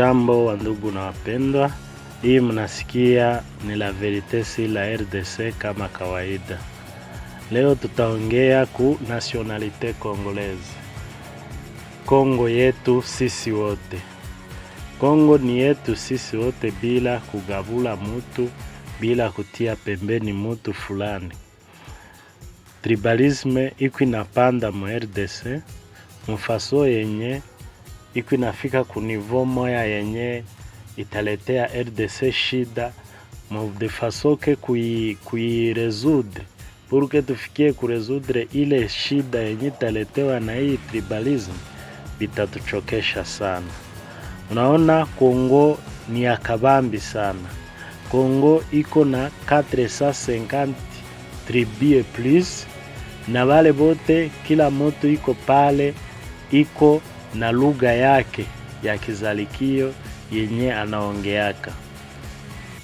Jambo wa ndugu na wapendwa, hii mnasikia ni La Verite si la RDC kama kawaida. Leo tutaongea ku nationalite congolaise, Kongo yetu sisi wote. Kongo ni yetu sisi wote bila kugavula mutu, bila kutia pembeni mutu fulani. Tribalisme iko inapanda mu RDC mfaso yenye iko inafika kunivo moya yenye italetea RDC shida mudefasoke kuiresudre kui purke tufikie kuresudre ile shida yenye italetewa na hii tribalism, bitatuchokesha sana. Unaona, Kongo ni ya kabambi sana. Kongo iko na 450 tribue plus na wale bote, kila moto iko pale iko na lugha yake ya kizalikio yenye anaongeaka.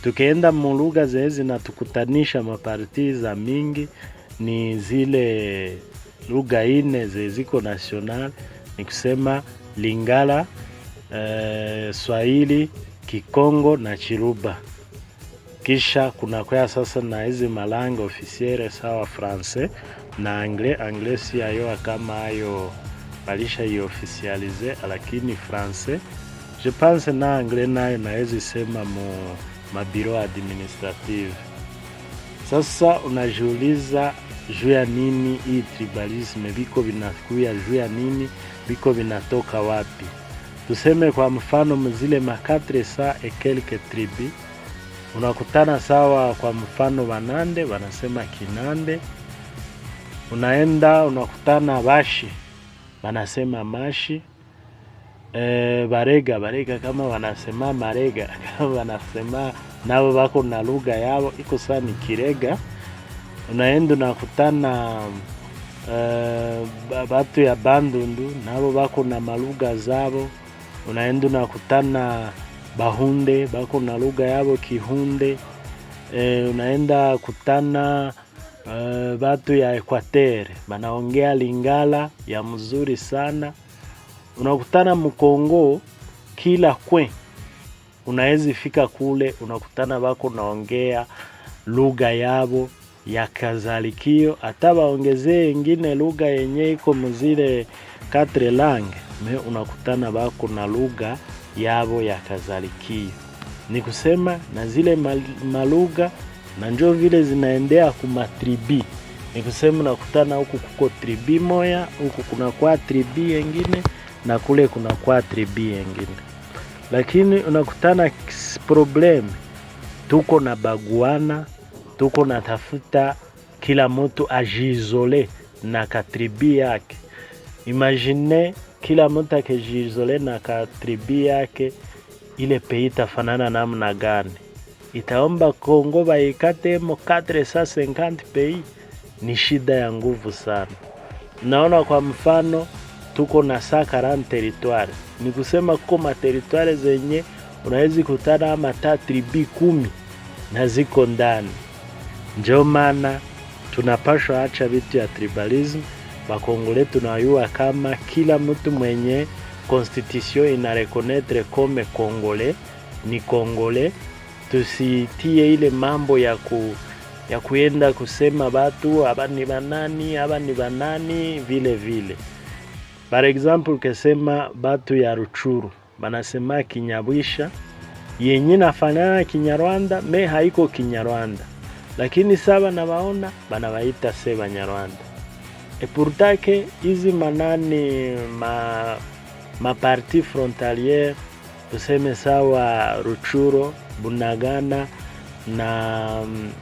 Tukienda mulugha zee zinatukutanisha mapartiza mingi ni zile lugha ine zeziko ziko national, ni kusema Lingala, e, Swahili, Kikongo na Chiruba. Kisha kuna kwea sasa na hizi malanga ofisiere sawa France na angle angle si ayoa kama ayo balisha ioficialize, lakini France je pense na anglais nayo naweza sema mu mabiro administrative. Sasa unajiuliza juu ya nini hii tribalisme, viko vinakuya juu ya nini, viko vinatoka wapi? Tuseme kwa mfano mzile makatre sa ekelke tribi unakutana sawa, kwa mfano Wanande wanasema Kinande, unaenda unakutana Bashi wanasema mashi e, barega barega kama wanasema marega kama wanasema nao wako na lugha yao iko sana ni kirega unaenda nakutana uh, eh, batu ya bandundu nabo bako na malugha zabo unaenda nakutana bahunde bako na lugha yabo kihunde e, unaenda kutana uh, batu ya Ekwatere banaongea Lingala ya mzuri sana. Unakutana mkongo kila kwe, unawezi fika kule unakutana bako naongea lugha yabo ya kazalikio, hata baongezee ingine lugha yenye iko mzile katre lange me, unakutana bako na lugha yabo ya kazalikio, ni kusema na zile malugha na njo vile zinaendea kuma Ni kusema nakutana huku kuko tribi moya, huku kuna kwa tribi yengine na kule kuna kwa tribi yengine, lakini unakutana problem, tuko na baguana, tuko na tafuta kila mtu ajizole na katribi yake. Imagine kila mtu akijizole na katribi yake, ile peita fanana namna gani? itaomba Kongo waikatemo katre sasa nkanti pei, ni shida ya nguvu sana. Naona kwa mfano tuko na sakaran territoire, ni kusema kuko materitwari zenye unawezi kutana ama tatribi kumi na ziko ndani. Njo maana tunapashwa acha vitu ya tribalism. Bakongole tunayua kama kila mtu mwenye constitution ina reconnaître comme congolais ni congolais tusitie ile mambo ya ku ya kuenda kusema batu aba ni banani aba ni banani vile vile. For example, ukesema batu ya Ruchuru banasema Kinyabwisha yenye nafanana Kinyarwanda me haiko Kinyarwanda, lakini saba nabaona banabaita se Banyarwanda epurtake izi manani ma, ma parti frontaliere tuseme sawa Ruchuro, Bunagana na mm,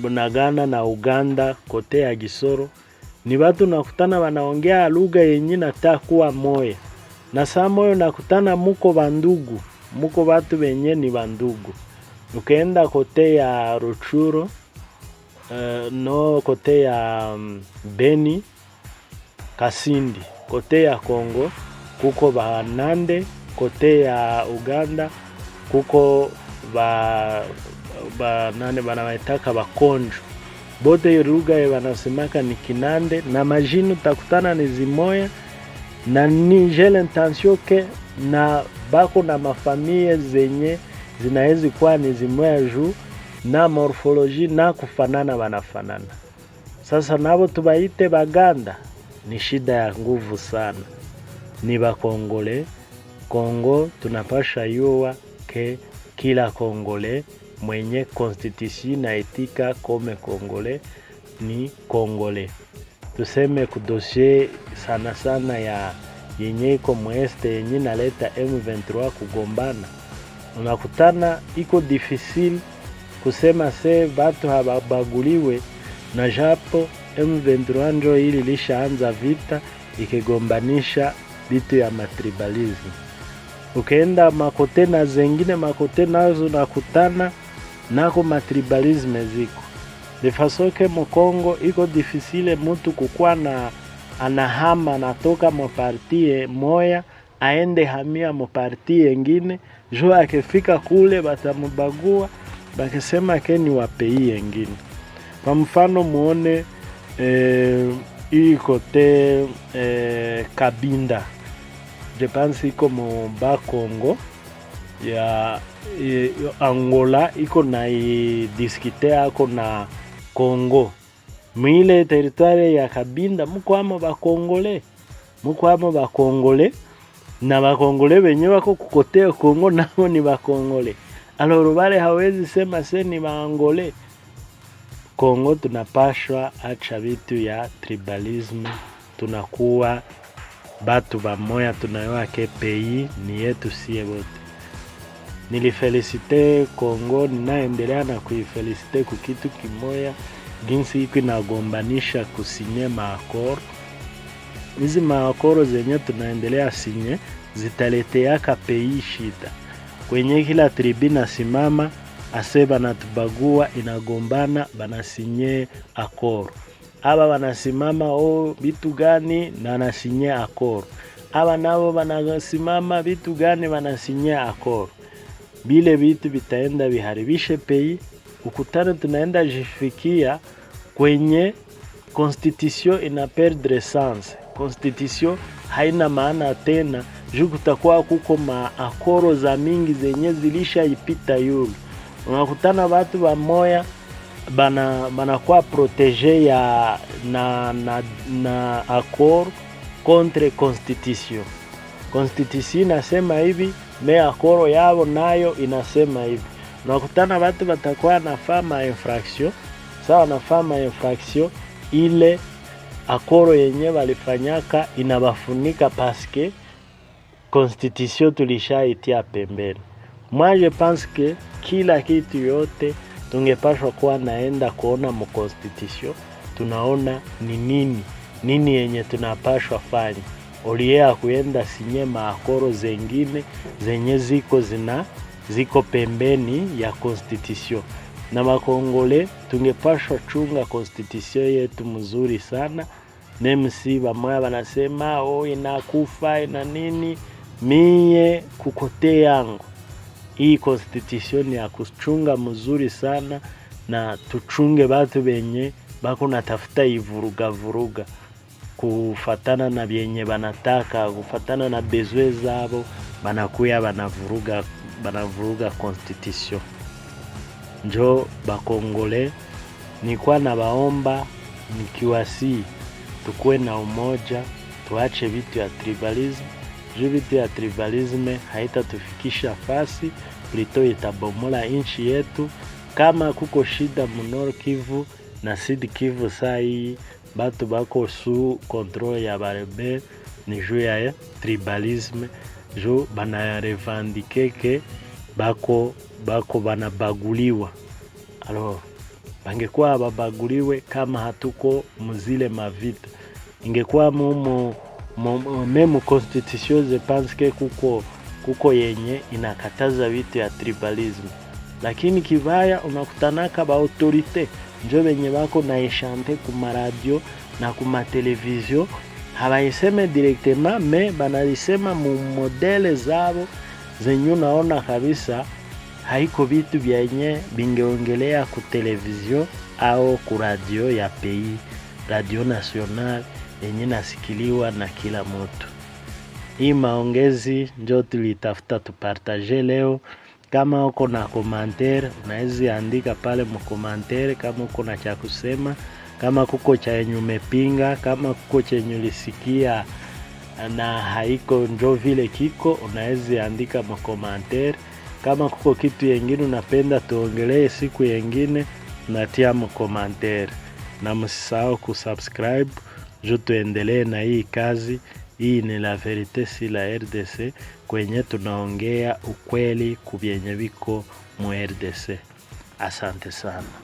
Bunagana na Uganda kote ya Gisoro ni watu nakutana wanaongea lugha yenye natakuwa moya, na saa moyo nakutana muko bandugu, muko watu wenye ni bandugu. Ukaenda kote ya Ruchuro uh, eh, no kote ya um, mm, Beni Kasindi kote ya Kongo kuko Banande kote ya Uganda kuko ba, ba nane bana banawaitaka bakonjo bote hiyo lugha ye wanasemaka ni Kinande na majinu takutana ni zimoya na ni jele intention ke na bako na mafamilie zenye zinaezi kuwa ni zimoya juu na morfoloji na kufanana wanafanana. Sasa nabo tubaite Baganda ni shida ya nguvu sana, ni bakongole Kongo tunapasha yua ke kila Kongole mwenye konstitusi na etika kome Kongole ni Kongole. Tuseme kudoshe sana sana ya yenye iko mweste yenye naleta M23 kugombana, unakutana iko difisili kusema se batu hababaguliwe na japo M23 njo ili lishaanza vita ikigombanisha bitu ya matribalism ukaenda makotena zengine makotena nazo nakutana nako matribalisme ziko defasoke mukongo iko difisile mutu kukwa na anahama natoka mupartie moya aende hamia mupartie engine ju akifika kule batamubagua bakisema ke ni wapei engine kwa mfano muone e, eh, ikote eh, Kabinda Japan iko Moba Congo ya Angola iko na e, diskite ako na Congo mwile teritwari ya Kabinda mukwamo bakongole mukwamo bakongole na bakongole wenye wako kukotea Kongo nao ni bakongole aloro bale hawezi sema se ni baangole Kongo tunapashwa acha vitu ya tribalism tunakuwa batu bamoya tunayoake pei ni yetu sie bote. Nilifelisite Kongo, ninaendelea na kuifelisite kukitu kimoya ginsi iko inagombanisha kusinye maakoro. Hizi maakoro zenye tunaendelea sinye zitaleteaka pei shida, kwenye kila tribi simama ase banatubagua, inagombana banasinye akoro aba banasimama o oh, bitu gani na anasinya akoro, aba nabo banasimama bitu gani banasinya akoro. bile bitu bitaenda viharibishe pei, ukutane tunaenda jifikia kwenye constitution ina perdre sens. Constitution haina maana tena juu kutakuwa kuko maakoro za mingi zenye zilishaipita yulu, unakutana watu wa moya bana banakuwa protege ya na, na, na accord contre constitution. Constitution inasema hivi, me akoro yao nayo inasema hivi. Unakutana watu watakuwa nafaa ma infraction sawa, nafaa ma infraction ile akoro yenye walifanyaka inabafunika paske constitution tulishaitia pembeni. Moi je pense que kila kitu yote tungepashwa kuwa naenda kuona mkonstitusio, tunaona ni nini nini yenye tunapashwa fanya oliea kuenda sinye maakoro zengine zenye ziko zina ziko pembeni ya konstitusio na makongole tungepashwa chunga konstitusio yetu mzuri sana. Nemsi bamwe banasema o inakufa ina nini, mie kukote yangu hii constitution ya kuchunga mzuri sana na tuchunge batu benye bako natafuta ivuruga vuruga kufatana na byenye banataka kufatana na bezwe zabo banakuya banavuruga banavuruga constitution. Njo bakongole nikwa na baomba nikiwasii tukuwe na umoja, tuache vitu ya tribalism. Jubite ya tribalisme haitatufikisha fasi. Plito itabomola nchi yetu. Kama kuko shida munoro Kivu na sidi Kivu, saa hii batu bako su kontrole ya barebe ni juu ya tribalisme, juu banarevandikeke bako bako banabaguliwa. Alo, bangekuwa babaguliwe kama hatuko muzile mavita ingekuwa mumu Uh, memu constitution zepanske kuko kuko yenye inakataza vitu ya tribalism, lakini kivaya unakutanaka ba autorite njo benye bako naeshante kumaradio na kumatelevisio habaiseme directement me banalisema mu modele zabo zenye unaona kabisa haiko vitu vyenye bingeongelea ku televizio au ku radio ya pays radio national yenye nasikiliwa na kila mtu. Hii maongezi njo tulitafuta tupartaje leo. Kama uko na komantere unaweza andika pale mkomantere, kama uko na cha kusema, kama kuko cha yenye umepinga, kama kuko chenye ulisikia na haiko njo vile kiko, unaweza andika mkomantere. Kama kuko kitu yengine unapenda tuongelee siku yengine, natia mkomantere na msisahau kusubscribe ju tuendelee na hii kazi. Hii ni La Verite si la RDC, kwenye tunaongea ukweli kubyenye viko mu RDC. Asante sana.